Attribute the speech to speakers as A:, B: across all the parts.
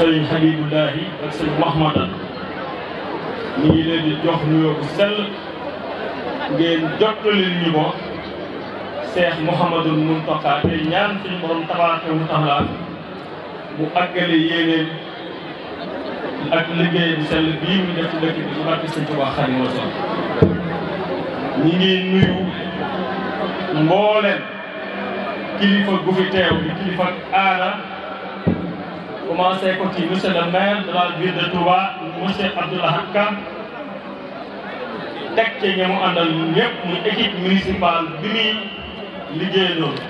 A: sëriñ Xamidullahi ak sëriñ Mahmadan ñu ngi leen di jox nuyoo bu sell ngeen jottali ñu ko Seex Muhammadul Muntaqa te ñaan suñu borom tabaaraka wa taala mu àggale yéeneen ak liggéey bu sell bii mu def ci dëkk bi ci barke Sëriñ Tuubaa Xaadimu Rasuul ñi ngi nuyu mbooleen kilifa gu fi teew di kilifa aada commencé ko ci monsieur le maire de la ville de Touba monsieur Abdoulaye Ka teg ci ñi mu àndal ñëpp muy équipe municipale bi muy liggéey loolu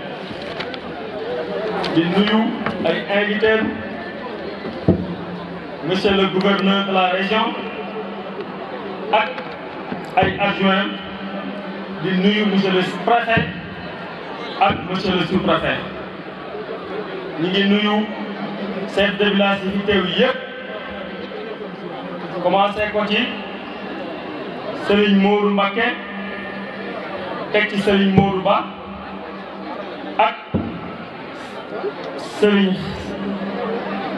A: di nuyu ay invités monsieur le gouverneur de la région ak ay adjoints di nuyu monsieur le préfet ak monsieur le sous-préfet nuyu. chef de village yi fi teew yëpp commencé ko ci Serigne Modou Mbacké teg ci Serigne Modou Ba ak Serigne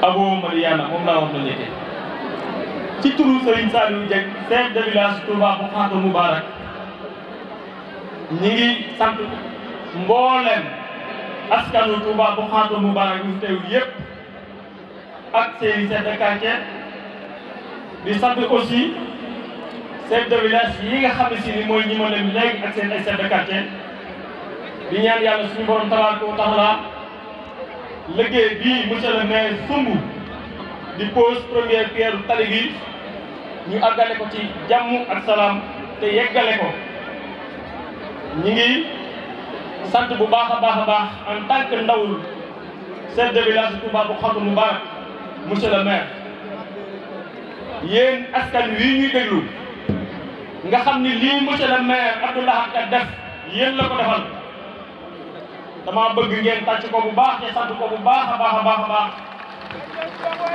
A: Abo Mariana moom laa wax na ci turu Serigne Saliou Dieng chef de village Touba bu Xaatu Moubarak ñi ngi sant mboolem askanu Touba bu Xaatu Moubarak ñu teew yëpp ak seen chef de quartier di sant aussi chef de village yi nga xam ne si ni mooy ñi ma leen léegi ak seen ay chef de quartier di ñaan yàlla suñu borom tabaaraka wa taala liggéey bii monsieur le maire sumb di pose première pierre tali gi ñu àggale ko ci jàmm ak salaam te yeggale ko ñi ngi sant bu baax a baax a baax en ndawul chef de village Touba bu Xatu Mubarak monsieur le maire yéen askan wi ñuy déglu nga xam ni lii monsieur le maire Abdoulaye Ka def yéen la ko defal dama bëgg ngeen tàcc ko bu baax te sant ko bu baax a baax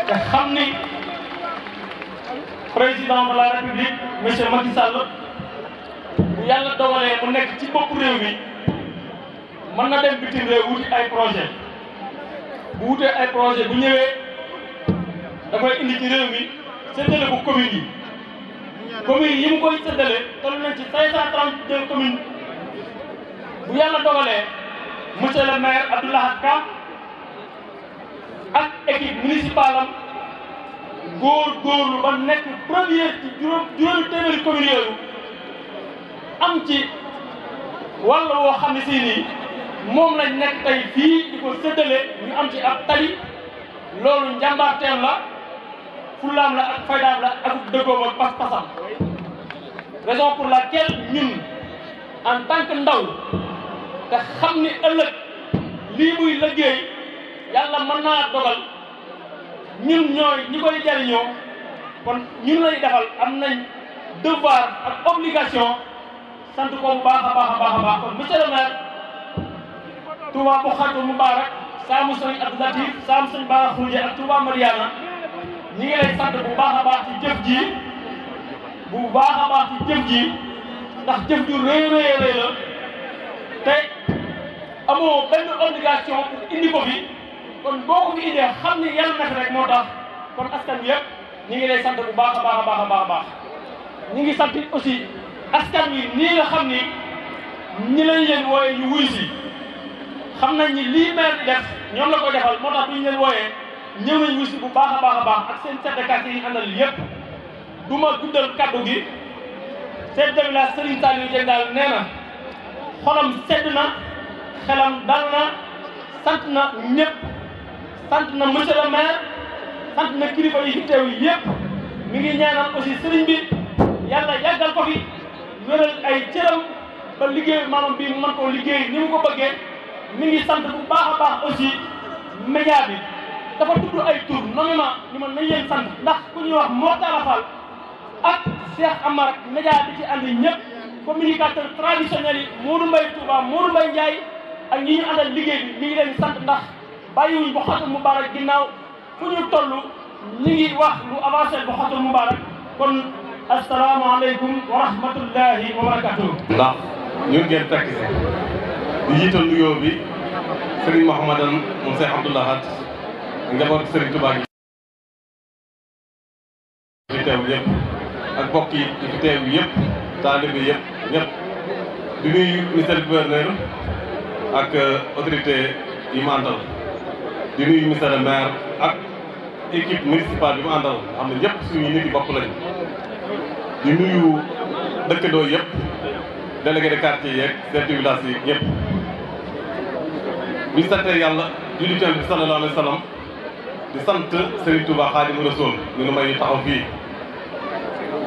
A: a xam ni président la république monsieur Macky Sall bu yàlla dogalee mu nekk ci bopp réew mi mën na dem bitim réew wuti ay projet bu wutee ay projet bu ñëwee da koy indi ci réew mi séddale ko communes yi communes yi mu koy séddale toll nañ ci 532 communes bu yàlla dogalee monsieur le maire ak équipe municipale am góor-góorlu ba nekk première ci juróom juróomi téeméeri communes yooyu am ci wàll woo xam ne si moom lañ nekk tey fii di ko séddale ñu am ci ab tali loolu njàmbaarteem la. fullaam la ak faydaam la ak dëggoom pas-pasam raison pour laquelle ñun en tant ndaw te xam ni ëllëg lii muy liggéey yàlla mën naa dogal ñun ñooy ñi koy jariñoo kon ñun lay defal am nañ devoir ak obligation sant ko baax baax baax baax kon monsieur le maire Touba bu xatu mubarak saamu sëñ Abdou Latif saamu sëñ Bara Khoudia ak Touba Mariana ñi ngi lay sant bu baax a baax jëf ji bu baax a baax ji ndax jëf ju rëy rëy rëy la te amoo benn obligation pour indi ko fi kon boo ko fi indee xam ne yàlla na rek moo tax kon askan wi ñi ngi lay sant bu baax a baax a baax ñi ngi sant aussi askan wi nii nga xam ni ñi lañ leen wooyee ñu wuy si xam nañ ñi lii maire def ñoom la ko defal moo tax duñ leen wooyee ñëw nañ bu baax a ak seen chef de quartier yi ñu àndal du ma guddal kaddu gi chef de village Serigne Saliou Dieng daal nee na xolam sedd na xelam dal na sant na ñëpp sant na monsieur le maire sant na kilifa yi fi teew yëpp mi ngi ñaanal aussi Serigne bi yàlla yàggal ko fi wéral ay cëram ba liggéey maanaam bii mu mën koo liggéey ni mu ko bëggee mi ngi sant bu baax a baax aussi média bi. dafa tudd ay tur nommément ñu mën ma leen sant ndax ku ñuy wax Mortala Fall ak Cheikh Amar ak média bi ci àndi ñëpp communicateur traditionnel yi Modou Mbaye Touba Modou Mbaye Ndiaye ak ñi liggéey bi mi ngi leen sant ndax bàyyiwuñ bu xatul Moubarak ginnaaw fu ñu toll ñi ngi wax lu avancé bu xatul Moubarak kon asalaamaaleykum wa rahmatullahi wa barakatuh
B: ndax ñun ngeen takk si
C: di jiital nuyoo bi Serigne Mouhamadan moom Cheikh Abdoulahat njaboot Serigne Touba gi fi teew yëpp ak yi yëpp ñëpp di nuyu monsieur le
B: ak euh, autorité yi mu àndal di nuyu monsieur le maire ak équipe municipale bi mu àndal xam ne ñëpp suñu nit yi bopp lañ di nuyu dëkkandoo yëpp délégué de quartier yeeg chef de village yi ñëpp. bu ñu yàlla julli ci bi sallallahu alayhi wa sallam di sant Serigne Touba Xaadimu Rasuul ñu nu may taxaw fii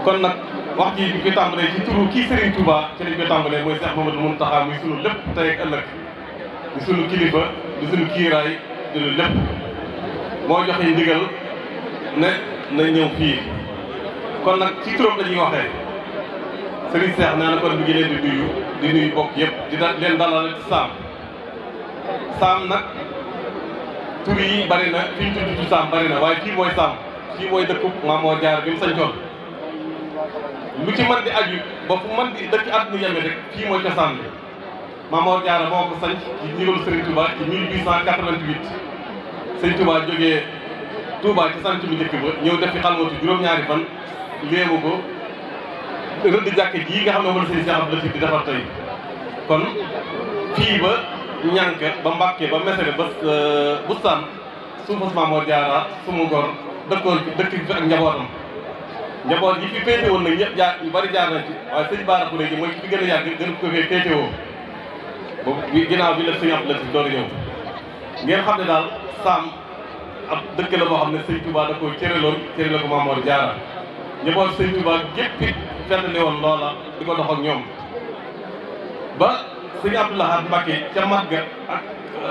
B: kon nag wax ji bi koy tàmbalee ci turu kii Serigne Touba ci lañ koy tàmbalee mooy Cheikh Mamadou Mountakha muy sunu lépp tey ak ëllëg di sunu kilifa di sunu kiiraay di lu lépp moo joxe ndigal ne na ñëw fii kon nag ci turam la ñuy waxee Serigne Cheikh nee na kon mi ngi leen di nuyu di nuyu bokk yëpp di leen saam saam nag. tur yi bëri na fi ñu tudd ci Sàmm bëri na waaye kii mooy Sàmm kii mooy dëkkub Maam Mor Jaara bi mu sañcoon lu ci mën di aju ba fu mën di dëkk àdduna yeme rek kii mooy cosaan bi Maam Mor Jaara moo ko sañc ci ndigalu Serigne Touba ci 1888 Serigne Touba jógee Touba ci sant bi njëkk ba ñëw def fi xalwatu juróom-ñaari fan léewu ko rëdd jàkk ji nga xam ne moom la Serigne Cheikh Abdou Latif di defar tey kon fii ba ñànke ba Mbàkke ba Mesere ba euh, bu san suufa su Maamoor Jaara sumu gor dëkkoon dëkk bi ak njabootam njaboot yi fi féete woon nag ñëpp jaar yu bari jaar nañ ci waaye sëñ a yàgg gën ko fee féete woo boobu ginnaaw bi la sëñ Abdou Latif doon ñëw xam ne daal saam ab dëkk la boo xam ne sëñ Touba da koo cëraloon cëri la ko Maamoor Jaara njaboot sëñ Touba gépp it fenn ne woon loola di ko dox ñoom sëñ Abdoulahat Mbacke ca mag ga ak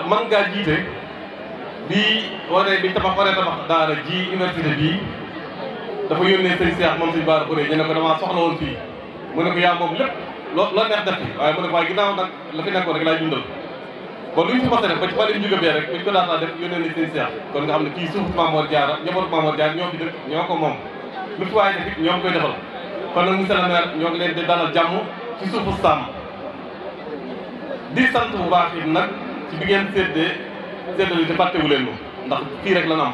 B: man ngaa jiite bi waree bi tabax waree tabax daara ji université bii dafa yónnee sëñ Seex moom sëñ Baara Uré ñu ko damaa soxla woon fii mu ne ko yaa moom lépp loo neex def fi mu ne ko waaye ginnaaw la fi nekkoon rek laay dundal kon lu ñu si mos a def ba ci fànn yu jóge bee rek bu ñu ko daataa def yónnee nañ sëñ Seex kon nga xam ne kii suuf Mamoor Jaara njaboot Mamoor Jaara ñoo fi dëkk ñoo ko moom lu fi waaye def it ñoo koy defal kon nag monsieur le maire ñoo leen di dalal jàmm ci suufu sàmm di sant bu baax it nag ci bi ngeen séddee séddale te fàttewu leen ko ndax fii rek la na am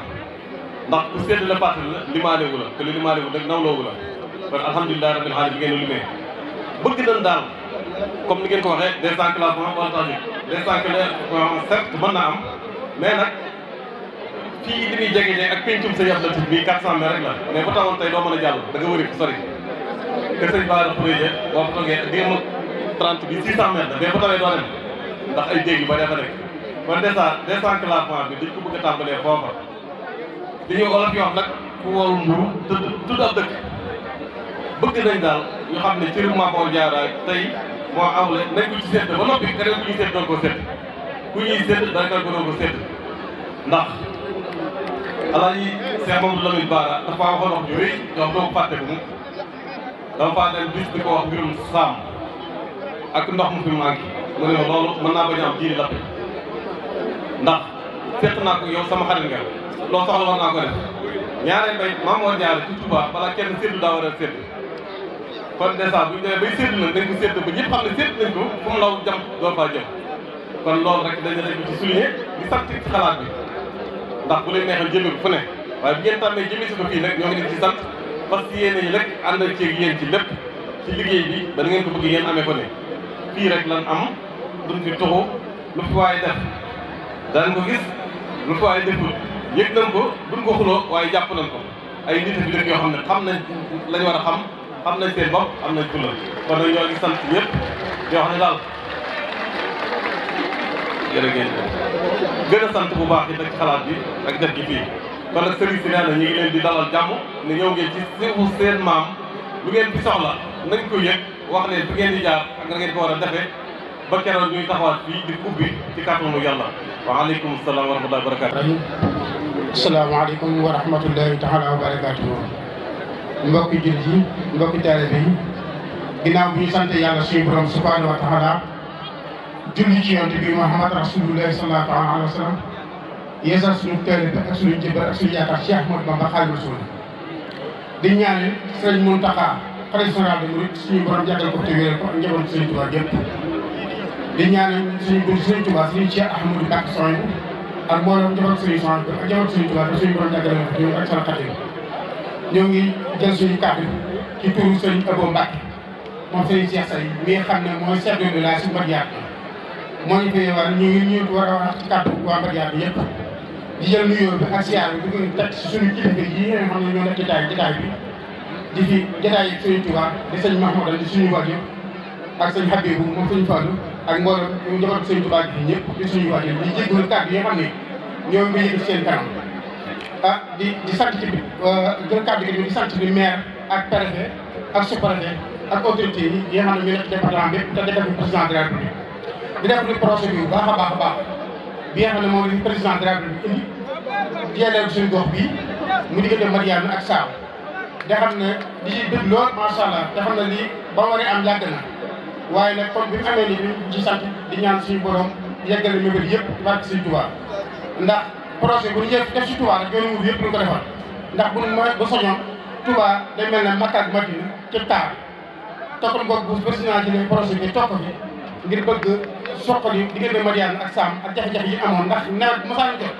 B: ndax ku séddale fàtte la limaanewu la te li limaanewu rek nawloowu la kon alhamdulilah rabbil alamin bi ngeen limee bëgg nañ daal comme ni ngeen ko waxee des enclavements wala tax des enclavements certes mën naa am mais nag fii li muy jege ak pencum sa yab la tis bii 400 mètres rek la mais ba taxoon tey doo mën a jàll da nga wëri sori kër sëñ trente bi six cent mètres mais bu tawee doo dem ndax ay dégg ba dafa nekk kon dèjà désenclavement bi dañ ko bëgg a tàmbalee foofa li ñuy olof yi wax nag ku warul mburu tëdd tëdd ab dëkk bëgg nañ daal ñu xam ne cëri Mame Diarra tey moo amle nañ ko ci sedd ba noppi keneen ku ñuy sedd doon ko ko doon ko sedd ndax
C: Alaaji Cheikh
B: Mamadou Lamine Bara dafa waxoon wax ju rëy jox doo ko fàtte ko mu dama faa dem bis di ko wax mbirum saam ak ndox mu fi manqué mu ne loolu naa bañ a am jiir lappe ndax fekk naa ko yow sama xarit nga loolu soxla war naa ko def ñaareel bay maam ñaare ci Tuuba balaa kenn séddu daa war a sédd kon dèjà bu ñu demee bay séddu nag dañ ko sédd ba ñëpp xam ne sédd nañ ko fu mu law jam doon faa jëm kon loolu rek dañ ko ci souligner di sant bi ndax bu leen neexee jëmee ko fu ne waaye bu ngeen tàmmee jëmee si ko fii nag ñoo ngi leen ci sant parce que yéen a yi rek ànd ceeg yéen ci lépp ci lii rek lan am duñ fi tuxu lu fi waay def daan ko gis lu fi waay deful yëg nañ ko duñ ko xuloo waaye jàpp nañ ko ay nit bi dëkk yoo xam ne xam nañ lañ war a xam xam nañ seen bopp am nañ fulla kon nag ñoo ngi sant ñëpp yoo xam ne daal jërëjëf gën a sant bu baax it ak xalaat bi ak def gi fii kon nag sëriñ si nee na ñu ngi leen di dalal jàmm ne ñëw ngeen ci suufu seen maam lu ngeen fi soxla nañ ko yëg wax leen fi ngeen di jaar ak ngeen ko war a defee ba keroog taxawaat fii di ubbi ci kàttanu yàlla waaleykum salaam wa rahmatullahi wa barakatuh asalaamaaleykum
D: wa rahmatullahi taala wa barakatuh mbokki jullit yi mbokki taalibe yi ginnaaw ñu sant yàlla suñu borom subhanahu wa taala julli ci yonte bi Muhammad rasulullahi sallallahu alayhi wa sallam yeesal suñu taalibe ak suñu jëbal ak suñu yaakaar Cheikh Ahmadou Bamba Xaadimu Rasuul di ñaanal sëriñ Muntaxa président de Mouride suñu borom jàggal ko te wéer ko ak njaboot Sëriñ Tuubaa gépp di ñaanal suñu bunt Sëriñ ñoo ngi jël suñu kàddu ci turu Sëriñ Abo Mbacke moom Sëriñ Cheikh Say mi xam ne mooy chef de village su Mbadiar bi moo ñu fay war ñu ngi ñu war a wax ci ne ñoo nekk bi di fi jotaay ak Serigne Touba di sëñ Mahmoud di suñu waajur ak sëñ Habibou moom suñu Fallou ak mboolem ñu jëfandikoo Serigne Touba bi ñëpp di suñu waajur di jégalu kàddu yi nga xam ne ñoom ñu yëg seen kanam. ah di di sant ci euh, jël kàddu gi di sant bi maire ak préfet ak sous-préfet ak autorité yi yi nga xam ne ñu nekk département bi te defal président de la République di def lu projet bi bu baax a baax a baax bi nga xam ne moom la président de la République indi di suñu gox bii mu diggante Madiyana ak Saaw. te xam ne di ci bég lool macha allah te xam ne lii ba waree am yàgg na waaye nag comme bi mu amee nii ñu ci sant di ñaan suñu borom yeggale mébét yëpp barke si Tuubaa ndax projet bu ñu def ci Tuubaa rek yoonu wut yëpp ñu ko defal ndax bu ñu ba soñoon de day mel ne Makka ak Madina taar te kon boog bu président ci ne projet bi topp fi ngir bëgg soqali diggante Madiane ak Sam ak jafe-jafe yi amoon ndax nawet mosaan jot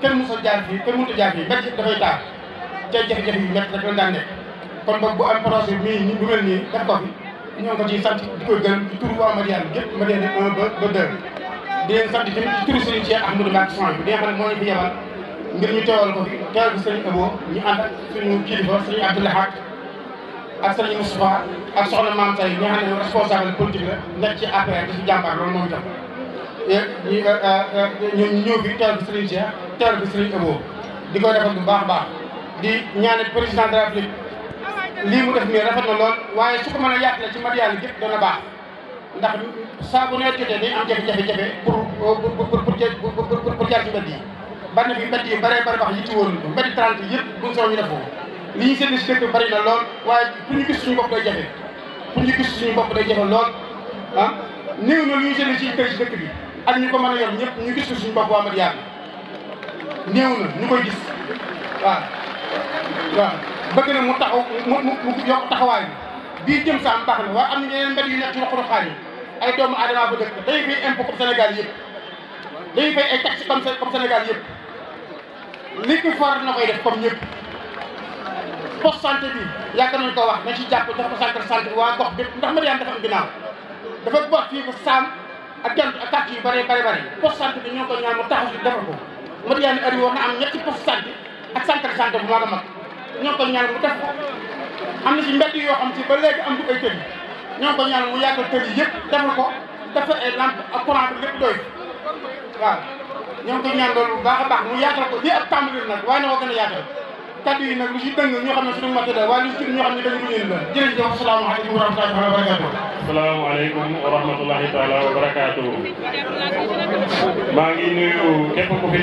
D: kenn mos a jaar fii kenn mënut a ca jafe-jafe yu métti rek lañ daan nekk kon boog bu am projet mii nii bu mel nii def ko fi ñoo ngi ko ciy sant di ko gën di tur waa Madiane gépp Madiane un ba ba deux di leen sant tamit ci turu Serigne Cheikh Ahmadou Mbacké Sohaybu bi di nga xam ne moo ñu fi yebal ngir ñu teewal ko fi teewal ko Serigne Abo ñu ànd ak suñu kilifa Serigne Abdoulaye Hak ak Serigne Moustapha ak soxna Mame Say ñi nga xam ne responsable politique la nekk ci APR di si jàmbaar loolu moom itam euh, euh, euh, ñu ñëw fi teewal ko Serigne Cheikh teewal ko Serigne Abo di ko defal bu baax a baax di ñaanal président de la lii mu def nii na lool waaye su ko mën a yàqale ci matériel bi yëpp dana baax ndax saa bu nawet jotee dañ am jafe-jafe-jafe pour pour pour pour pour jaar ci mbedd yi. bari na fi mbedd yi bëree bëri yëpp buñ soo ñu defoo li ñuy seetlu si dëkk bi bëri lool waaye pour ñu gis suñu bopp day jafe pour ñu gis suñu bopp day jafe lool ah néew na lu ñuy seetlu si kër si dëkk bi ak ñu ko mën a yor ñëpp ñu gis suñu bopp waa ñu koy gis waaw. waaw bëgg na mu taxaw mu mu yokk taxawaay bi bii jëm saam baax na waaye am na yeneen mbedd yu nekk ci waxtu xaalis ay doomu aadama ba dëkk dañuy fay impôt comme Sénégal yëpp dañuy fay ay taxes comme comme Sénégal yëpp li ki far na koy def comme ñëpp poste santé bi yaakaar nañu ko wax nañ ci jàpp jox ko centre santé waa gox bi ndax Madyane dafa am ginnaaw dafa gox fii ko saam ak jant ak kàtt yu bëree bëri bëri poste santé bi ñoo ko ñaan mu taxaw si defar ko Madyane ari woon na am ñetti poste santé ak santal santal bu mag a mag ñoo ngi koy ñaan mu def ko am na ci yoo xam ci ba léegi am du ay tëj ñoo ngi ñaan mu yaatal tëj yi yëpp defal ko dafa ay lampe ak courant lépp doy waaw
C: ñoo ngi ñaan loolu
D: baax a baax mu yaatal ko lii ak tàmbali nag waaye na ko gën a yaatal kaddu yi nag lu ci dëng ñoo xam ne suñu matériel waaye lu ci dëng xam ne dañu ko yëngal jërëjëf salaamaaleykum wa rahmatullahi wa barakaatuhu.
A: salaamaaleykum wa rahmatullahi taala wa barakaatuhu. maa ngi nuyu képp ku fi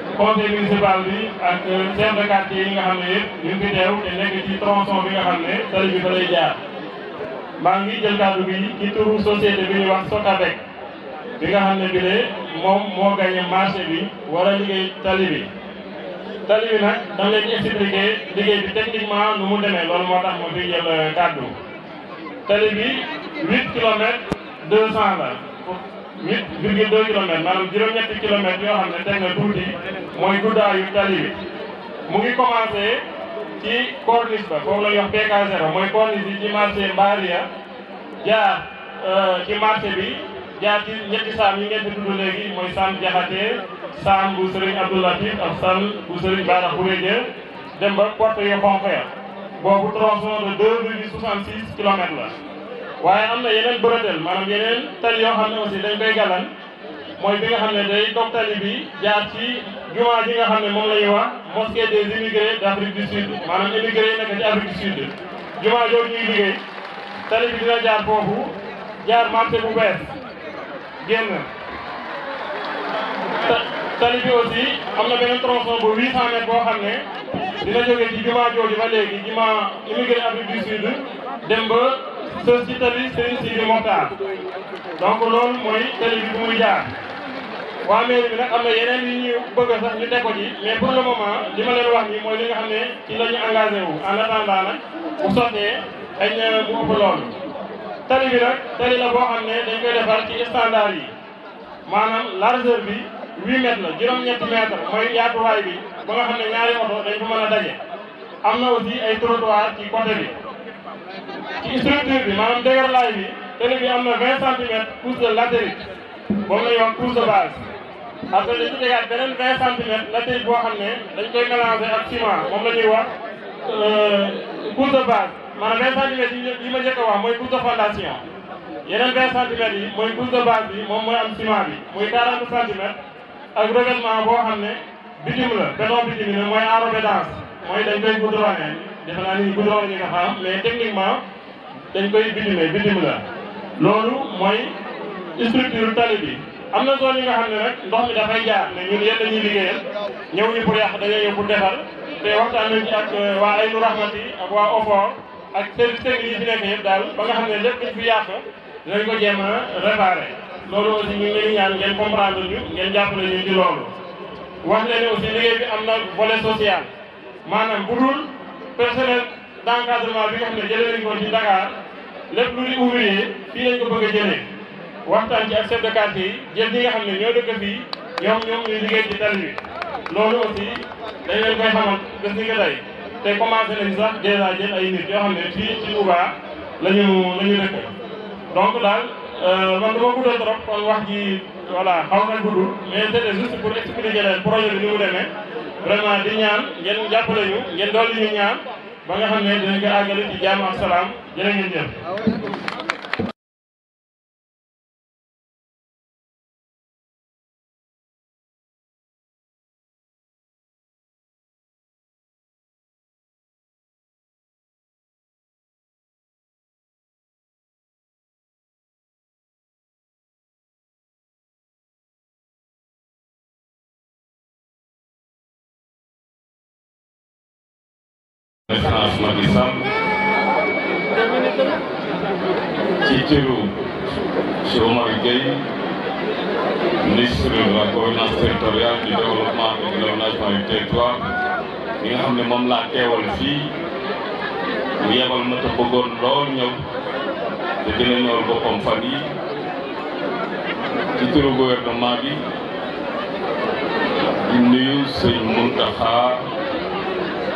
A: conseil municipal bi ak euh, chef de quartier yi nga xam ñu ngi fi teew te ci tronçon bi nga xam tali bi fa jaar. maa ngi jël kàddu bi ci turu société bi ñuy wax Socabek bi nga xam bi de moom moo gagné marché bi liggéey tali bi. tali bi da expliquer liggéey bi techniquement nu mu tax fi jël euh, tali bi la. huit virgule deux kilomètres maanaam juróom-ñetti kilomètres yoo xam ne teg na tuuti mooy guddaayu tali bi mu ngi commencé ci corniche ba foofu la ñuy wax PK0 mooy corniche bi ci marché Mbaria jaar euh, ci marché bi jaar ci ñetti saam yi ngeen di tudd léegi mooy saam Jaxate saam bu Serigne Abdou Latif ak saam bu Serigne Bara Khourédia dem ba porte yu xonq ya boobu tronçon de deux soixante six kilomètres la waaye am na yeneen bretelle maanaam yeneen tali yoo xam ne dañ koy galan mooy bi nga xam ne day dog tali bi jaar ci jumaa ji nga xam ne moom lañuy ñuy wax mosquée des immigrés d' Afrique du Sud maanaam immigré yi nekk ci Afrique du Sud jumaa jooju ñuy liggéey tali bi dina jaar foofu jaar marché bu bees génn tali bi aussi am na beneen tronçon bu 800 mètres boo xam ne dina jóge ci jumaa jooju ba léegi jumaa immigré Afrique du Sud dem sës ci tali Serigne Sidi Mokhtar donc loolu mooy tali bi bu muy jaar. waa mairie bi nag am na yeneen yu ñu bëgg sax ñu teg ko ci mais pour le moment li ma leen wax nii mooy li nga xam ne ci la ñu engagé wu en attendant nag bu sottee xëy na bu ëpp loolu.
C: tali bi nag tali la boo xam ne dañ koy defar ci standard
A: yi maanaam largeur bi huit mètres la juróom-ñetti mètre mooy yaatuwaay bi ba nga xam ne ñaari oto dañ ko mën a daje. am na aussi ay trottoir ci côté ci structure bi maanaam dëgërlaay bi télé bi am na vingt centimètres couche de latérite moom la ñu wax couche de base après dañu tegaat beneen vingt centimètres latérite boo xam ne dañ koy mélanger ak ciment moom la ñuy wax couche euh, de base maanaam vingt centimètres yi ma njëkk a wax mooy couche de fondation yeneen vingt centimètres yi mooy couche de base bi moom mooy am ciment bi muy quarante a ak revêtement boo xam ne bitume la béton bitume la mooy enrobé dense mooy defe naa ni guddoon nañu nga xam mais techniquement dañ koy bidime bidim la loolu mooy structure tali bi am na zone yi nga xam ne nag ndox mi dafay jaar ne ñun yéen dañuy liggéeyal ñëw ñu pour yàq dañoo ñëw defar te waxtaan nañ ci ak euh, waa Aynu Rahmati ak waa OFOR ak service technique yi fi nekk yëpp daal ba nga xam ne lépp luñ fi yàq dinañ ko jéem a réparer. loolu aussi ñu ngi leen ñaan ngeen comprendre ñu ngeen jàppale ñu ci loolu wax leen aussi liggéey bi am na volet social personnel d'encadrement bi nga xam ne jëlee nañ ko ci Dakar lépp lu di ouvrier fii lañ ko bëgg a jëlee waxtaan ci ak chef de quartier yi jël ñi nga xam ne ñoo dëkk fii ñoom ñoom ñuy liggéey ci tali bi loolu aussi dañ leen koy xamal gis ni ko tey te commencé nañ sax dèjà jël ay nit yoo xam ne fii ci Touba la ñu la ñu dëkk donc daal euh, man dama guddal trop kon wax ji voilà xaw na gudd mais c'était juste pour expliquer leen projet bi mu demee vraiment di ñaan ngeen jàppale
C: ñu ngeen dolli ñu ñaan ba nga xam ne dinañ ko àggale ci jàmm ak salaam jërë ngeen naissance Macky Sall ci turu Cheikh Omar Gueye
A: ministre de la gouvernance territoriale du développement et de l'aménagement du territoire yi nga xam ne moom laa teewal fii mu yebal ma te bëggoon lool ñëw te dina ñëwal boppam fan yi ci turu gouvernement bi di nuyu sëñ Mountakha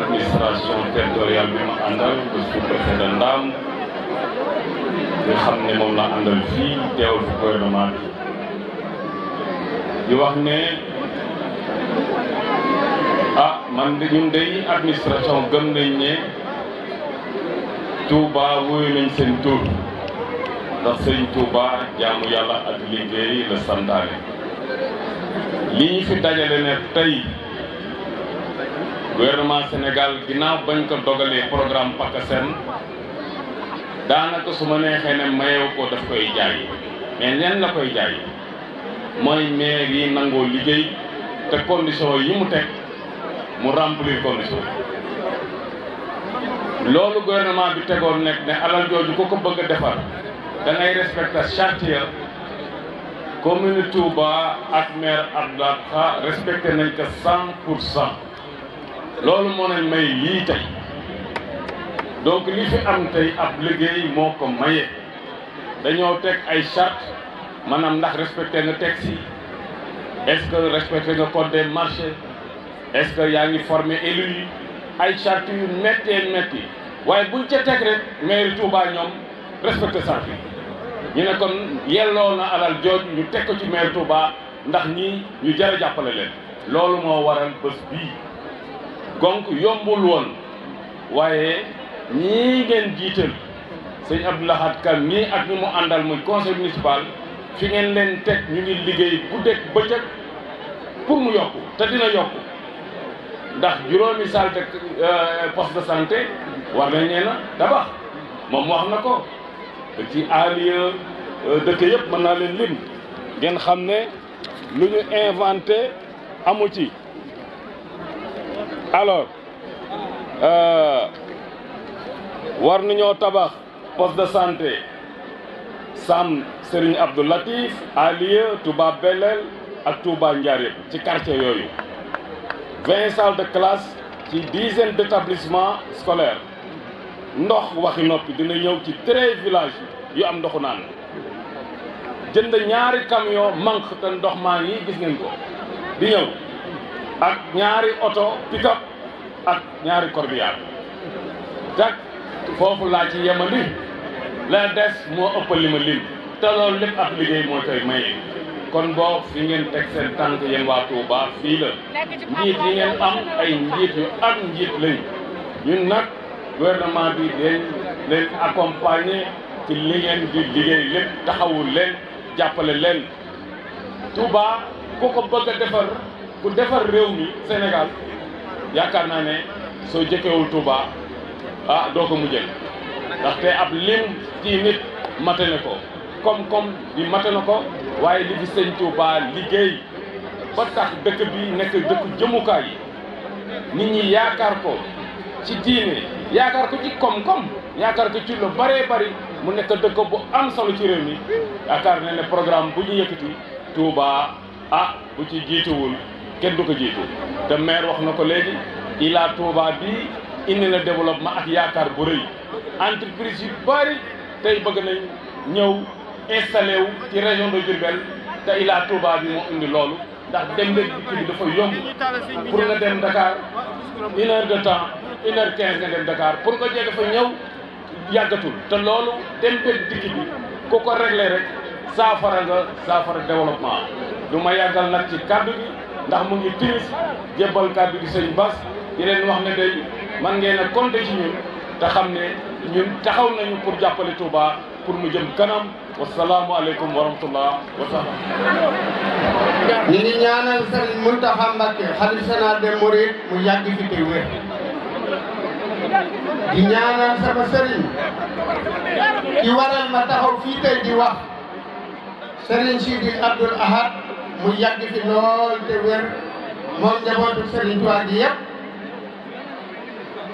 A: administration territoriale bi ma àndal le sous-préfet de Ndaam nga xam ne moom la àndal fii teewal fi gouvernement bi di wax ne a ah, man de ñun day administration gëm nañ ne Touba wuyu nañ seen tur ndax sëriñ Touba jaamu yàlla ak liggéey la santaane li ñu fi dajale ne tey gouvernement Sénégal ginnaaw bañ ko dogalee programme PACASEN daanaka su ma neexee ne mayew ko daf koy jaay mais leen la koy jaay mooy maire yi nangoo liggéey te condition yi mu teg mu remplir condition loolu gouvernement bi tegoon nekk ne alal jooju ko ko bëgg a defar da respecte respecter charte ya ak maire Abdou Lahad Ka respecté nañ ko cent pour cent loolu moo leen may lii tey donc li fi am tey ab liggéey moo ko maye dañoo teg ay charte maanaam ndax respecte nga texte yi est que respecté nga code des marchés est yaa ngi formé élu yi ay charte yu méttee métti waaye bu ca teg rek mairie Touba ñoom respecté charte ñu ne kon yelloo na alal jooj ñu teg ko ci mairie Touba ndax ñii ñu jar a jàppale leen loolu moo waral bés bii donc yombul woon waaye ñii ngeen jiital sëñ Abdou Lahad Ka mii ak ñu mu àndal muy conseil municipal fi ngeen leen teg ñu ngi liggéey guddeeg bëccëg pour mu yokk te dina yokku ndax juróomi salte euh, poste de santé war nañ nee na tabax moom wax na ko ci alie euh, dëkk yëpp mën naa leen lim ngeen xam ne lu ñu inventé amu ci alors euh, war nañoo tabax poste de santé Sam Serigne Abdou Latif Alieu Touba Belel ak Touba Ndiarèm ci quartier yooyu vingt salles de classe ci dizaine d'établissements scolaires ndox waxi noppi dina ñëw ci treize village yu am ndoxu naan jën jënd ñaari camion manque te ndox maan yi gis ngeen ko di ñëw ak ñaari oto pick ak ñaari corbillard tak foofu laa ci yemandi la des moo ëpp li ma lim te loolu lépp ab liggéey moo koy maye kon boo fi ngeen teg seen tànk yéen waa Touba fii la njiit yi am ay njiit yu am njiit lañ ñun nag gouvernement bi dañ leen accompagner ci liggéey lépp taxawul leen jàppale leen Touba ku ko bëgg a ku defar réew mi Sénégal yaakaar naa ne soo jëkkewul Touba ah doo ko mujjee ndaxte ab lim ci nit mate ko koom-koom bi mate na ko waaye li fi sëñ liggéey ba tax dëkk bi nekk dëkk jëmukaay yi nit ñi yaakaar ko ci diine yaakaar ko ci koom yaakaar ko ci lu bëree mu nekk dëkk bu am solo ci réew mi yaakaar na ne programme bu ñu yëkkati Touba ah bu ci jiituwul kenn du ko jiitu te maire wax na ko léegi Ila Touba bi indi na développement ak yaakaar bu rëy entreprise yu bari tey bëgg nañ ñëw installé wu ci région de Diourbel te Ila Touba bi moo indi loolu ndax dem léegi dikk bi dafa yomb pour nga dem Dakar une heure de temps une heure quinze nga dem Dakar pour nga jege fa ñëw yàggatul te loolu dem dikk bi ku ko réglé rek saafara nga saafara développement du ma yàggal nag ci kàddu gi. ndax mu ngi tiis jébbal kàddu gi sëñ Bas di leen wax ne day man ngeen a ci ñun te xam ne ñun taxaw nañu pour jàppale Touba pour mu jël kanam wasalaamualeykum wa rahmatullah wa salaam.
E: ñu ngi ñaanal sëriñ Mountakha Mbacké xalifa général des mu yàgg fi te wér
D: di ñaanal sama sëriñ
C: di
E: waral ma taxaw fii tey di wax sëriñ Sidi Abdoul Ahad. mu yàgg fi lool te wér moom njabootu Serigne Touba gi yëpp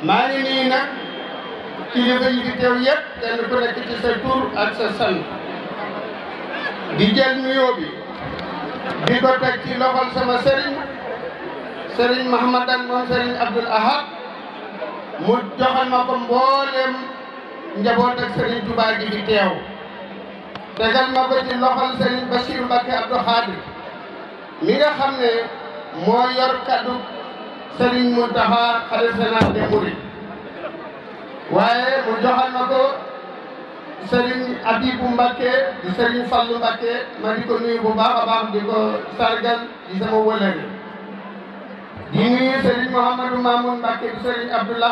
E: maa ngi yi fi teew yëpp kenn ku nekk ci sa tur ak sa sant di jël nuyoo bi di ko teg ci loxol sama Serigne Serigne Mahamadan moom Serigne Abdoul Ahad mu joxal ma ko mboolem njaboot ak Serigne Touba gi fi teew tegal ma ko ci loxol Serigne Bachir Mbacke Abdou Khadir mi nga xam ne moo yor kaddu Serigne Mountakha xalifa général des waaye mu joxal ma ko Serigne Abibou Mbacké di Serigne Fallou Mbacké ma di ko nuyu bu baax a di ko sargal di sama wëllëre di nuyu Serigne Mouhamadou Mamoun Mbacké di Serigne Abdoul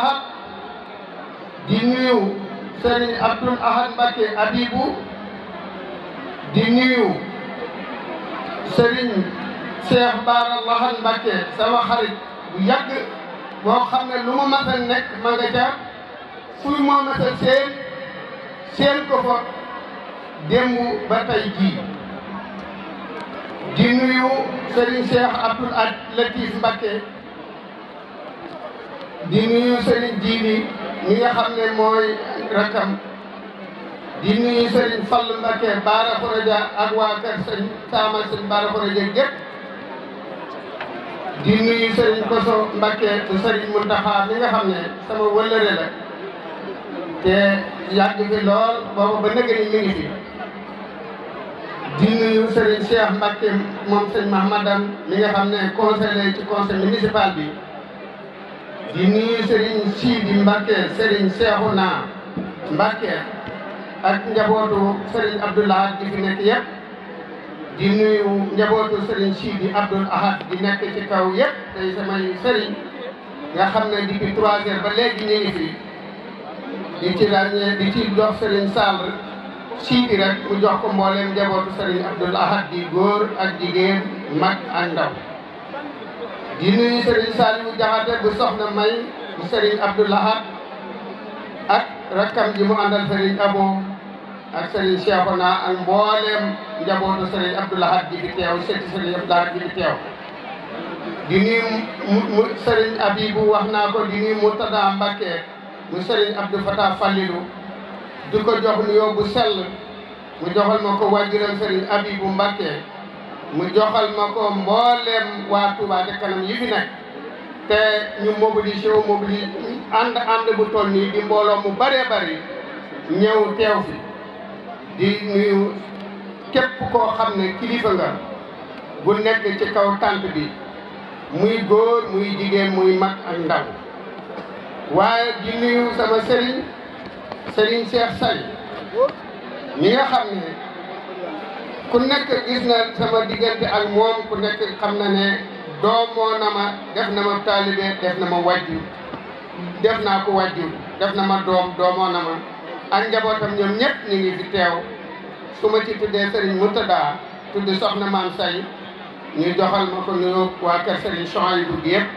E: di nuyu Serigne Abdoul Ahad Mbacké Abibou di nuyu Serigne Cheikh Bara Lahad Mbacké sama xarit bu yàgg boo xam ne lu ma mas a nekk ma nga ca fuy moo mas a seen seen ko fa démb ba tey jii di nuyu Serigne Cheikh Abdoul Ad Latif Mbacké di nuyu Serigne mi nga xam ne mooy rakam di nuyu Serigne Fall Mbacké Bara ak waa kër Serigne Sama Serigne Bara gépp di nuyu Serigne Koso Mbakke bu Serigne Mountakha mi nga xam ne sama wëllëre la te yàgg fi lool boobu ba nekk ni mi ngi fi di nuyu Serigne Cheikh mbacke moom sëñ Mahmadan mi nga xam ne conseiller ci conseil municipal bi di nuyu Serigne Sidi Mbakke Serigne Cheikhouna mbacke ak njabootu Serigne Abdoulaye di fi nekk yëpp. di nuyu njabootu Serigne Sidi Abdoul di nekk ci kaw yëpp tey samay Serigne nga xam ne depuis trois heures ba léegi ñu fi di ci ràññee di ci jox Serigne Sall Sidi mu jox ko mbooleem njabootu Serigne Abdoul Ahad di góor ak jigéen mag ak ndaw. di nuyu Serigne Sall bu jaxate bu soxna May bu Serigne Abdoul Ahad ak rakkam ji mu àndal Serigne Abo. ak Serigne Cheikhouna ak mboolem njabootu Serigne Abdou Lahad ji fi teew seeti Serigne Abdou Lahad wax naa ko di nuyu Murtada Mbacké mu Serigne Abdou Fatah Fallilou di ko jox nuyoo bu mu joxal ma ko waajuram Serigne Abibou Mbacké mu joxal ma ko mboolem waa Touba te kanam yi te ñu mobilisé wu mobilisé ànd ànd bu toll di mbooloo mu bëree teew fi di képp koo xam ne kilifa nga bu nekk ci kaw tànt bi muy góor muy jigéen muy mag ak ndaw waaye di sama sëriñ sëriñ Cheikh Sall mi nga xam ne ku nekk gis na sama diggante ak moom ku nekk xam na ne doomoo na ma def na ma taalibe def na ma wàjju def naa ko wàjju def na ma doom doomoo na ma ak njabootam ñoom ñëpp ñu ngi fi teew su ma ci tuddee Serigne Moutada tudd Soxna Maam Say ñu joxal ma ko nuyoo waa kër Serigne Souhaïbou bi yëpp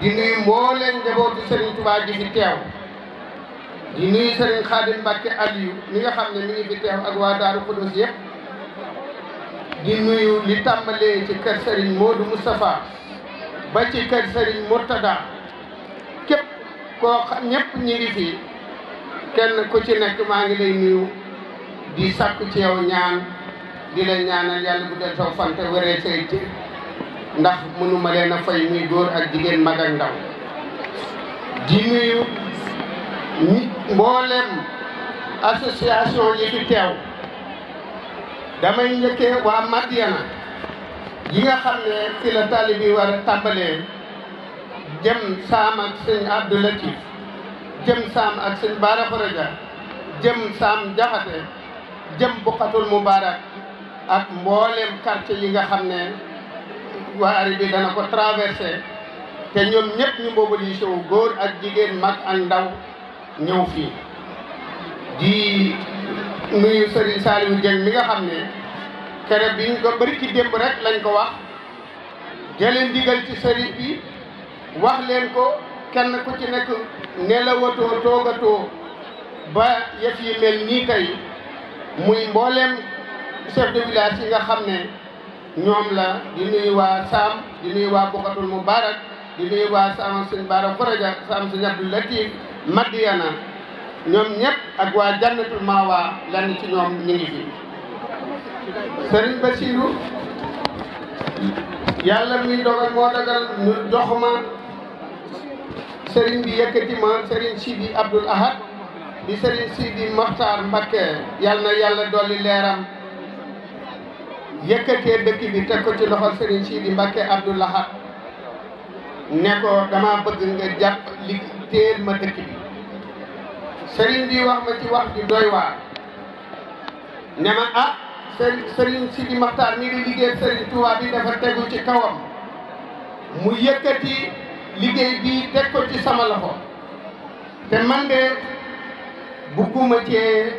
E: di nuyu mbooleen njabootu Serigne Touba ji fi teew di nuyu Serigne Khadim Mbacke Aliou mi nga xam ne mi ngi fi teew ak waa Daaru Khoudoss yëpp di nuyu li tàmbalee ci kër Serigne Modou Moustapha ba ci kër Serigne Moutada képp koo xam ñëpp ñu ngi fi. kenn ku ci nekk maa ngi lay nuyu di sakku ci ñaan di la ñaanal yàlla bu del taw fante wéree say cër ndax mënuma leen a fay muy góor ak jigéen mag ak ndaw di mboolem association yi fi teew damay njëkkee waa Madiana yi nga xam ne fi la tali bi war a tàmbalee jëm saam ak sëñ jëm saam ak sëñ Baara Faraja jëm saam jaxate jëm buqatul mubarak ak mboolem quartier yi nga xam ne waa bi dana ko traverse te ñoom ñëpp ñu mobilisé wu góor ak jigéen mag ak ndaw ñëw fii di nuyu Serigne Saliou Dieng mi nga xam ne kere bi ñu ko bëri ci rek lañ ko wax jëlee ndigal ci Serigne bi wax leen ko kenn ku ci nekk nelawatoo toogatoo ba yëf mel nii kay muy mbooleem sef de village yi nga xam ne ñoom la di nuyu waa Saam di nuy waa mu Mubarak di nuyu waa Saam Sëñ Baara Faraja Saam Sëñ Abdou Latif Madiyana ñoom ñëpp ak waa Jannatul Mawa lan ci ñoom ñu ngi fi Sëriñ Basiru yàlla muy dogal moo dogal ñu jox ma sëriñ bi yëkkati ma sëriñ Sidi Abdoul Ahad di sëriñ Sidi Maxtaar Mbakke yal yàlla dolli leeram yëkkatee dëkk bi teg ko ci loxol sëriñ Sidi Mbakke Abdoul Ahad ne ko dama bëgg nga jàpp li téel ma dëkk bi sëriñ bi wax ma ci wax ju doy waar ne ma ah sëriñ Sidi Maxtaar mi ngi liggéey sëriñ Tuubaa bi dafa tegu ci kawam mu yëkkati liggéey bii teg ko ci sama loxo te man de bugguma cee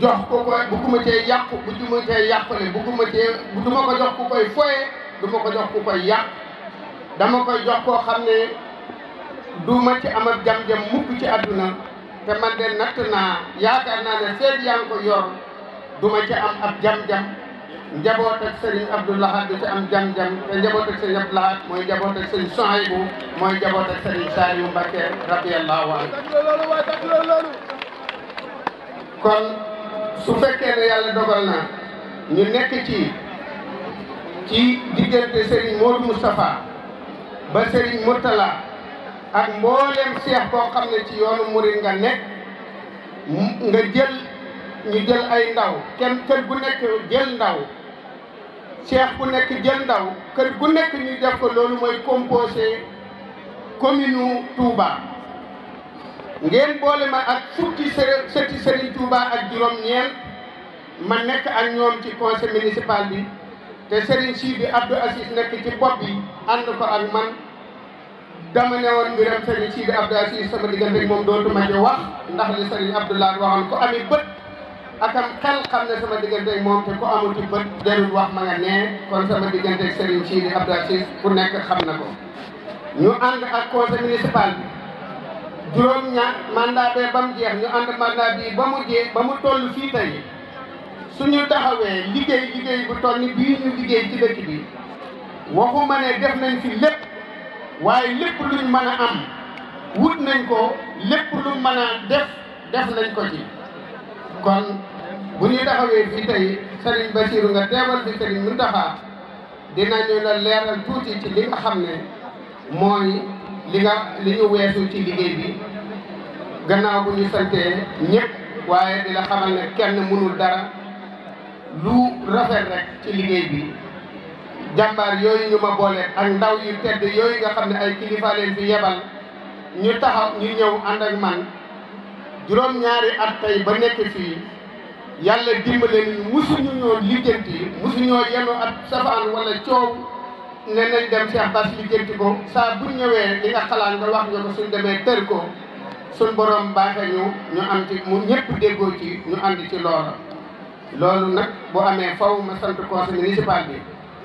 E: jox ko ko bugguma cee yàqu bugguma cee yàqule bugguma cee du ma ko jox ku koy foye du ma ko jox ku koy yàq dama koy jox koo xam ne du ma ci am ak jam-jam mukk ci àdduna te man de natt naa yaakaar naa ne seet yaa ngi ko yor du ma ci am ab jam-jam njaboot ak Serigne Abdou Lahad am jam-jam te njaboot ak Serigne Abdou Lahad mooy njaboot ak Serigne Souhaïbou mooy njaboot ak Serigne Saliou Mbacké radiyallahu anhu kon su fekkee ne yàlla dogal na ñu nekk ci ci diggante Serigne Modou Moustapha ba Serigne Mourtala ak mbooleem seex boo xam ne ci yoonu murid nga nekk nga jël ñu jël ay ndaw kenn kër gu nekk jël ndaw cheikh bu nekk jël ndaw kër gu nekk ñu def ko loolu mooy composé commune Touba ngeen boole ma ak fukki sëti Serigne Touba ak juróom-ñeent ma nekk ak ñoom ci conseil municipal bi te Serigne bi Abdou Aziz nekk ci bopp bi ànd ko ak man dama ne woon mbiram Serigne Sidi Abdou Aziz sama diggante moom dootuma ci wax ndax li Serigne Abdoulaye waxoon ko ami bët akam xel xam ne sama digganteeg moom te ku ko ci bët jarul wax ma nga nee kon sama digganteeg Serigne Sidi Abdou Aziz ku nekk xam na ko ñu ànd ak conseil municipal bi juróom ñaar mandat bee ba mu jeex ñu ànd mandat bii ba mu jeex ba mu toll fii tey suñu taxawee liggéey liggéey bu toll ni bii ñu liggéey ci dëkk bi waxuma ne def nañ fi lépp waaye lépp luñ ma a am wut nañ ko lépp lu mën a def def nañ ko ci kon bu ñuy taxawee fi tey Serigne Bassirou nga teewal fi Serigne Mountakha dinañu la leeral tuuti ci li nga xam ne mooy li nga li ñu weesu ci liggéey bi gannaaw bu ñu santee ñëpp waaye di la xamal ne kenn mënul dara lu rafet rek ci liggéey bi jàmbaar yooyu ñu ma boole ak ndaw yu tedd yooyu nga xam ne ay kilifa leen fi yebal ñu taxaw ñu ñëw ànd ak man juróom ñaari at tey ba nekk fii yàlla dimbale ni musuñu ñoo lijjanti musuñoo yenu ab safaan wala coow ne nañ dem Cheikh Bass lijjanti ko saa bu ñëwee li nga xalaat nga wax ñu ko suñ demee tër ko suñ borom baaxe ñu ñu am ci mu ñëpp déggoo ci ñu andi ci loola. loolu nag boo amee faw ma sant conseil municipal bi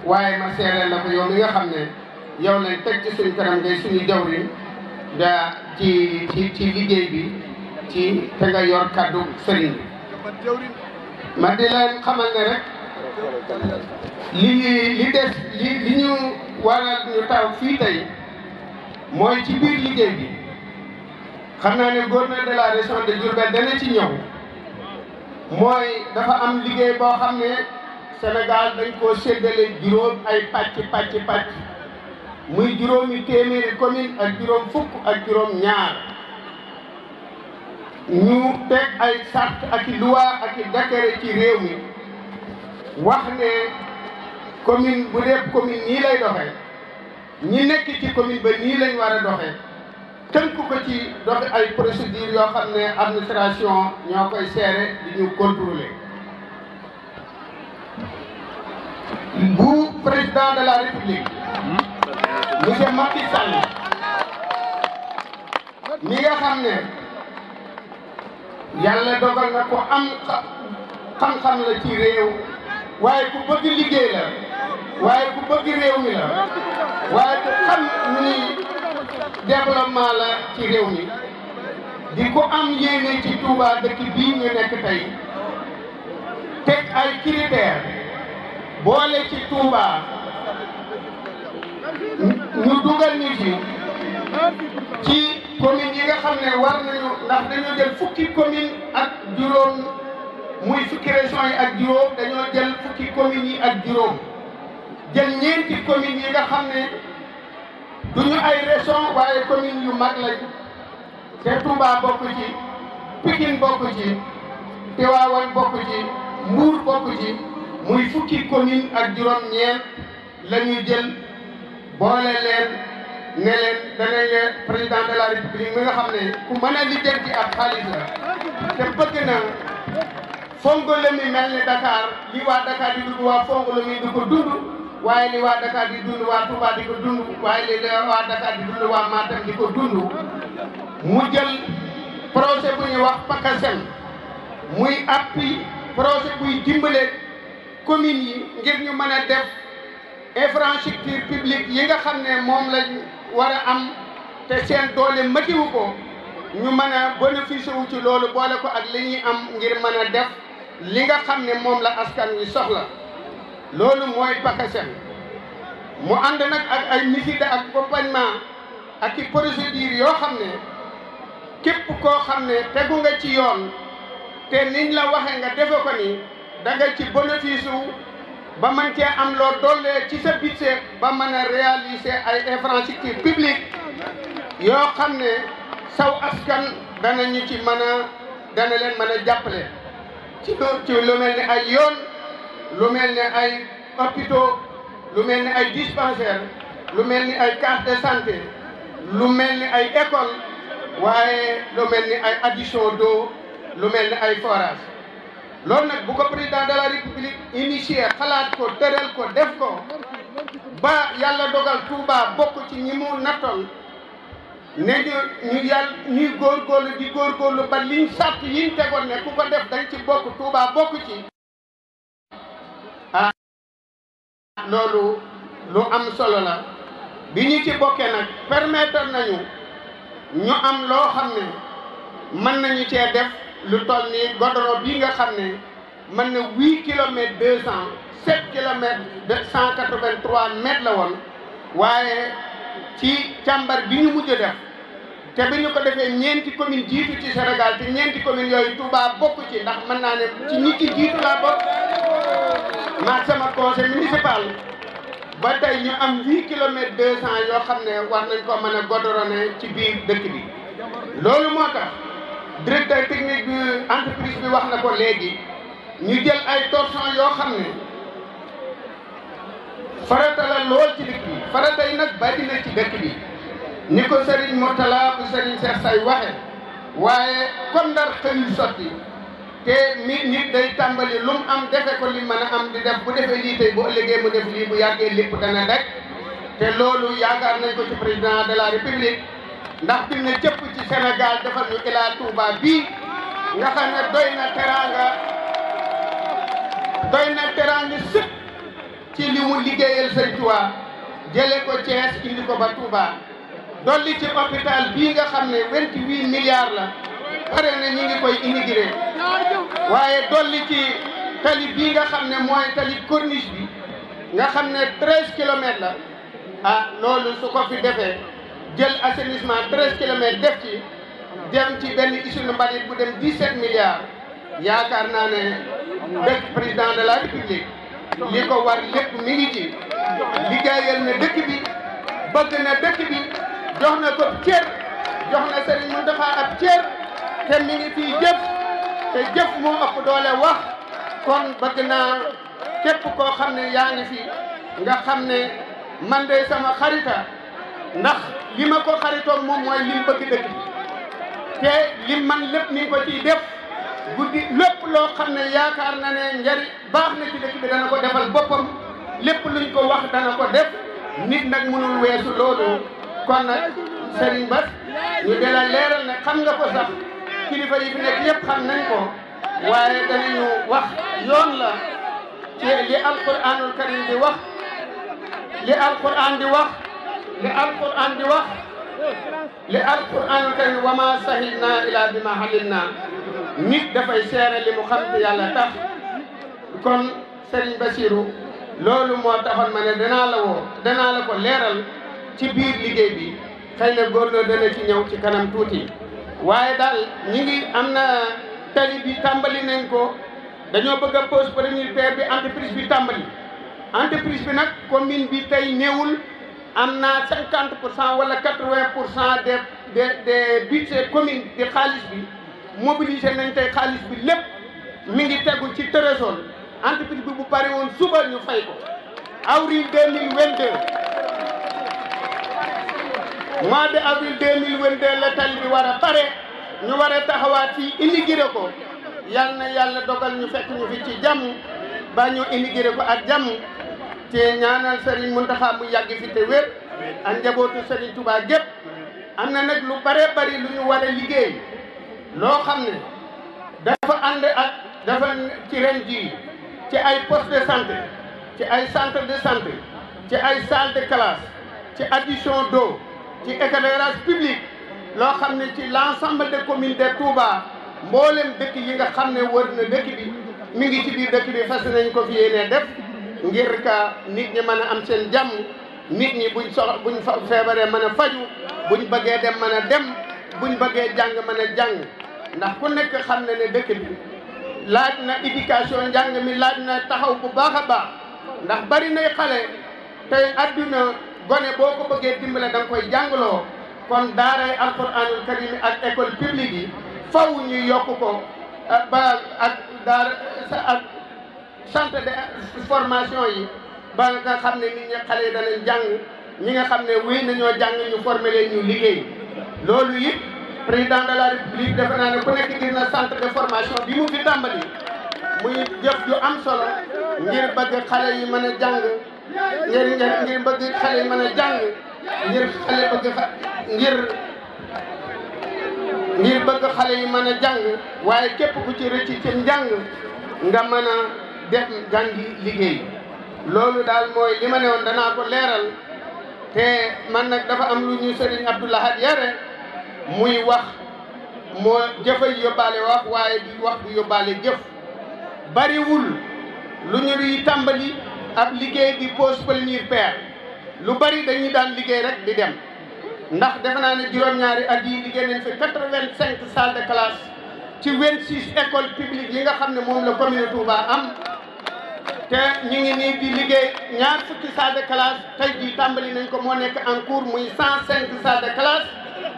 E: waaye ma seeree la ko yow mi nga xam ne yow lañ teg ci suñ kanam ngay suñu jawriñ da ci ci ci liggéey bi. ci te nga yor kaddu sëriñ bi ma di leen xamal ne rek li ñuy li des li li ñu waral ñu taw fii tey mooy ci biir liggéey bi xam naa ne gouverneur de la région de Diourbel dana ci ñëw mooy dafa am liggéey boo xam ne senegal dañ koo séddale juróom ay pàcc pàcc pàcc muy juróomi téeméeri commune ak juróom fukk ak juróom ñaar ñu teg ay sart ak i loi ak i décret ci réew mi wax ne commune bu dee commune nii lay doxee ñi nekk ci commune ba nii lañ war a doxee tënk ko ci doxe ay procédure yoo xam ne administration ñoo koy seere di ñu contrôler bu président de la république monsieur Macky Sall mi nga xam ne yàlla dogal na ko am xam-xam la ci réew waaye ku bëgg liggéey la waaye ku bëgg réew mi la waaye ku xam ni développement la ci réew mi di ko am yéene ci Touba dëkk bii ñu nekk tey teg ay critères boole ci Touba ñu dugal ñu ci commune yi nga xam ne war nañu ndax dañoo jël fukki commune ak juróom muy fukki région yi ak juróom dañoo jël fukki communes yi ak juróom jël ñeenti communes yi nga ay région waaye commune yu mag lañ te Touba bokk ci Pikine bokk ci Tivaouane bokk ci Mbour muy fukki commune ak juróom ñeent la ñu jël boole leen ne leen danañ leen président de la république mi ne ku mën a lijjanti ab xaalis la te bëgg na mel ni Dakar di waa Fongolo di ko waa Dakar di ko dund waaye li waa Dakar di dund waa Matam di ko dund mu jël projet bu ñuy wax PACASEN muy appui projet buy dimbale communes yi ñu mën a def infrastructure publique yi nga ne moom lañ war am te seen doole matiwu ko ñu mën a bénéfice wu ci loolu boole ko ak li ñuy am ngir mën a def li nga xam ne moom la askan wi soxla loolu mooy PACASEN mu ànd nag ak ay mesures d'accompagnement ak i procédures yoo xam ne képp koo xam ne tegu nga ci yoon te niñ la waxe nga defe ko ni da nga ci bénéfice wu ba mën cee am loo dollee ci sa budget ba mën a réaliser ay infrastructures publiques yoo xam ne saw askan dana ñu ci mën a dana leen mën a jàppale ci ci lu mel ne ay yoon lu mel ne ay hôpitaux lu mel ne ay dispensaires lu mel ni ay case de santé lu mel ni ay école waaye lu mel ni ay adduction d'eau lu mel ni ay forage loolu nag bu ko président de la république initié xalaat ko tëral ko def ko ba yàlla dogal Touba bokk ci ñi mu nattoon
C: ne ñu
E: ñu yàlla ñuy góorgóorlu di góorgóorlu ba liñ sàtt ku ko def dañ ci bokk Touba bokk ci ah loolu lu am solo la bi ñu ci bokkee nag permettre nañu ñu am loo xam ne mën nañu cee def lu toll nii goudron bii nga xam ne mën na huit kilomètres deux cent sept kilomètres de cent quatre-vingt-trois mètres la woon waaye ci càmbar bi ñu mujj def te bi ñu ko defee ñeenti commune jiitu ci Sénégal te ñeenti commune yooyu Touba bokk ci ndax mën naa ne ci ñi jiitu laa bokk maag sama conseil municipal ba tey ñu am huit kilomètres deux cent yoo xam ne war nañ ko mën a goudronner ci biir dëkk bi loolu moo tax directeur technique bi entreprise bi wax na ko léegi ñu jël ay torsion yoo xam ne farata lool ci dëkk bi farata yi nag bari na ci dëkk bi ni ko Serigne Mourtala bu Serigne Cheikh Say waxe waaye kon ndar xëyul sotti te nit nit day tàmbali lu mu am defe ko li mën a am di def bu defee lii tey bu ëllëgee mu def lii bu yàggee lépp dana rek te loolu yaakaar nañ ko ci président de la république ndax fi ne cëpp ci senegal defal ñu Ila Touba bii nga xam ne doy na teraanga doy na teraanga sëpp ci li mu liggéeyal Sëñ Touba jëlee ko Thiès indi ko ba Touba dolli ci hôpital bii nga xam ne vingt la pare na ñu ngi koy inauguré waaye dolli ci tali bii nga xam ne mooy tali corniche bi nga xam ne treize kilomètres la ah loolu su ko fi defee. jël assainissement treize kilomètres def ci dem ci benn usine mbalit bu dem dix-sept yaakaar naa ne dëkk président de la république li ko war lépp mi ngi ci liggéeyal na dëkk bi bëgg na dëkk bi jox na ko cër jox na Serigne Mountakha ab cër te mi ngi fii jëf te jëf moo ëpp doole wax kon bëgg naa képp koo xam ne yaa ngi fi nga xam ne man de sama xarita ndax li ma ko xaritoon moom mooy lim bëgg dëkk bi te lim man lépp ni ko ciy def guddi lépp loo xam ne yaakaar na ne njëriñ baax na ci dëkk bi dana ko defal boppam lépp luñ ko wax dana ko def nit nag mënul weesu loolu kon nag Serigne Bass
C: ñu dela leeral ne
E: xam nga ko sax kilifa yi fi nekk yëpp xam nañ ko
C: waaye danañu
E: wax yoon la ci li alquranul karim di wax li alquran di wax لأن دي واخ لالقران كان وما سهلنا الى بما حللنا نيت دا فاي سير لي مو خمت يالا تخ كون سيرن بشيرو لولو مو تاخون ما ني دنا لا و دنا لا كو ليرال تي بير ليغي بي خاينا غورلو دنا تي نيو تي كانام توتي واي دال نيغي امنا تالي بي تامبالي نينكو dañu bëgg poste premier père bi entreprise bi tambali entreprise bi nak commune bi tay newul am naa cinquante pour cent wala quatre vingt pour cent des des des budget communes di xaalis bi mobilisé nañ tey xaalis bi lépp mi ngi tegu ci trésor entreprise bi bu pare woon suba ñu fay ko avril deux mille vingt deux mois de avril deux mille vingt deux tali bi war a pare ñu war a taxawaat fii inauguré ko yal na yàlla dogal ñu fekk ñu fi ci jàmm ba ñu inauguré ko ak jàmm te ñaanal Serigne Mountakha mu yàgg fi te wér a njabootu Serigne Touba gépp am na nag lu bare bari lu ñu war a liggéey loo xam ne dafa ànd ak dafa ci ren jii ci ay post de santé ci ay centre de santé ci ay salle de classe ci addition d'eau ci éclairage public loo xam ne ci l'ensemble des communes de Touba mboolem dëkk yi nga xam ne wër na dëkk bi mi ngi ci biir dëkk bi fas nañ ko fi yéene def ngir ka nit ñi mën a am seen jàmm nit ñi buñ sox buñ feebaree mën a faju buñ bëggee dem mën a dem buñ bëggee jàng mën a jàng ndax ku nekk xam na ne dëkk bi laaj na éducation jàng mi laaj na taxaw bu baax a baax ndax bari nay xale tey adduna gone boo ko bëggee dimbale da nga koy jàngaloo kon daaray alquranul karim ak école publique yi faw ñu yokk ko eh, ba ak daara ak centre de formation yi ba nga xam ne nit ñi xale yi danañ jàng ñi nga xam ne wéy nañoo jàng ñu former ñu liggéey loolu it président de la république defe naa ne ku nekk gis na centre de formation bi mu fi tàmbali muy jëf ju am solo ngir bëgg xale yi mën a jàng
C: ngir ngir bëgg xale yi mën a jàng ngir xale
E: bëgg xa yi mën a jàng waaye képp ku ci rëcc ci njàng nga mën dem jangi liggéey loolu daal mooy li ma ne woon danaa ko leeral te man dafa am lu ñu sëriñ Abdou Lahad yare muy wax moo jëfay yobale wax waaye di wax du yóbbaale jëf bariwul lu ñu luy tàmbali ab di pose premier pierre lu bari dañuy dan liggéey rek di dem ndax defe naa nyari, juróom-ñaari at yi liggéey nañ fi quatre-vingt-cinq salles de classe ci vingt-six écoles yi nga la commune Touba am te ñu ngi nii di liggéey ñaar fukki salle de classe tey jii tàmbali nañ ko moo nekk en cours muy cent cinq salle de classe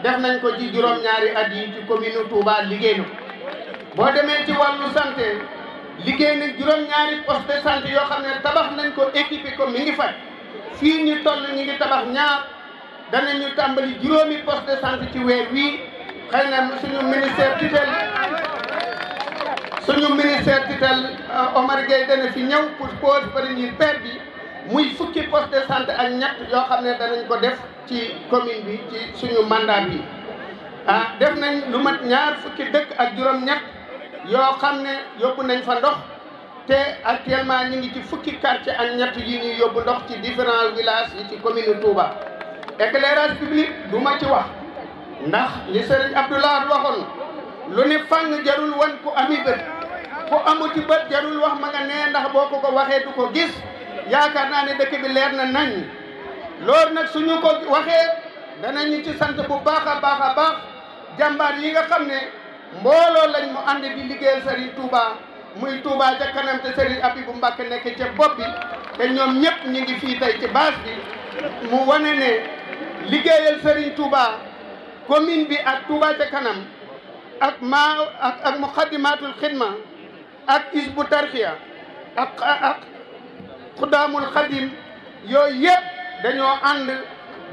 E: def nañ ko ci juróom-ñaari at yi ci commune Touba liggéey na boo demee ci wàllu santé liggéey na juróom-ñaari poste de santé yoo xam ne tabax nañ ko équipé ko mi ngi faj fii ñu toll ñu ngi tabax ñaar danañu tàmbali juróomi poste de santé ci weer wii xëy na suñu ministère tutelle
C: suñu ministère
E: tutelle euh, Omar Gueye dana fi ñëw pour pose premier pierre bi muy fukki poste de sant ak ñett yoo xam ne danañ ko def ci commune bi ci suñu mandat bi ah def nañ lu mat ñaar fukki dëkk ak juróom-ñett yoo xam ne yóbbu nañ fa ndox te actuellement ñu ngi ci fukki quartier ak ñett yi ñuy yóbbu ndox ci différents villages yi ci commune Touba. éclairage public du ma ci wax ndax li Serigne Abdoulaye waxoon lu ne fang jarul wan ku ami bët ku amuti bët jaruñ wax ma nga nee ndax boo ko ko waxee du ko gis yaakaar naa ne dëkk bi leer na nañ loolu nag suñu ko waxee danañu ci sant bu baax a baax a baax jàmbaar yi nga xam ne mbooloo lañ mu ànd di liggéeyal Serigne Touba muy Touba ca kanam te Serigne Abibou Mbacke nekk ca bopp bi te ñoom ñëpp ñu ngi fii tey ci base bi mu wane ne liggéeyal Serigne Touba min bi ak Touba ca kanam ak ma ak ak muxaddimaatul xidma ak Hizbut Tarqiyyah ak ak Xudaamul Xadim yooyu yëpp dañoo ànd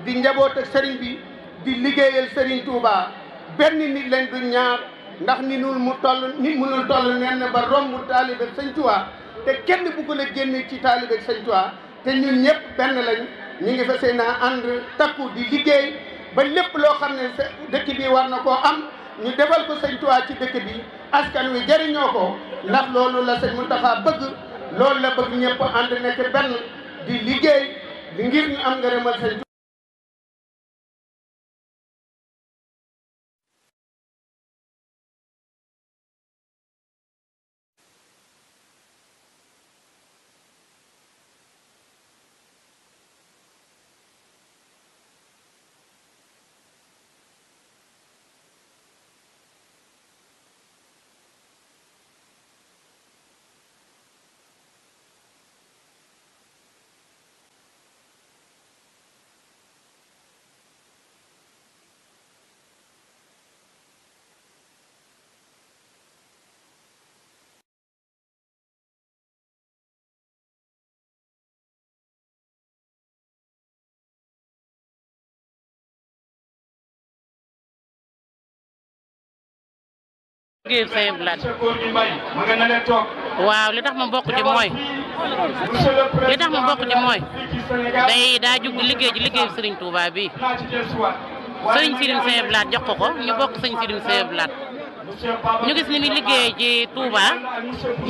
E: di njaboot ak sëriñ bi di liggéeyal sëriñ Touba benn nit lañ du ñaar ndax ni nul mu toll nit mënul toll nenn ba romb taalibe sëñ Touba te kenn bëggu la génne ci taalibe sëñ Touba te ñun ñëpp benn lañ ñu ngi fas yéene ànd takku di liggéey ba lépp loo xam ne dëkk bi war na koo am ñu defal ko sëñ Tuubaa ci dëkk bi askan wi jariñoo ko ndax loolu la sëñ Muntaxa bëgg loolu la bëgg ñëpp ànd
C: nekk benn di liggéey di ngir ñu am ngërëmal sëñ liggéeyal waaw li tax ma bokk di mooy
D: li tax ma bokk ci mooy
C: day
A: daa
D: jug liggéey ci liggéey Serigne Touba bi
E: Serigne Sirim Sëñ Abdou Lahad jox ko ko ñu bokk Serigne Sirim Sëñ Abdou Lahad ñu gis ni muy liggéey ci Touba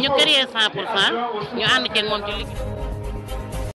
C: ñu créé 100 pour cent ñu ànd ceeg moom ci liggéey.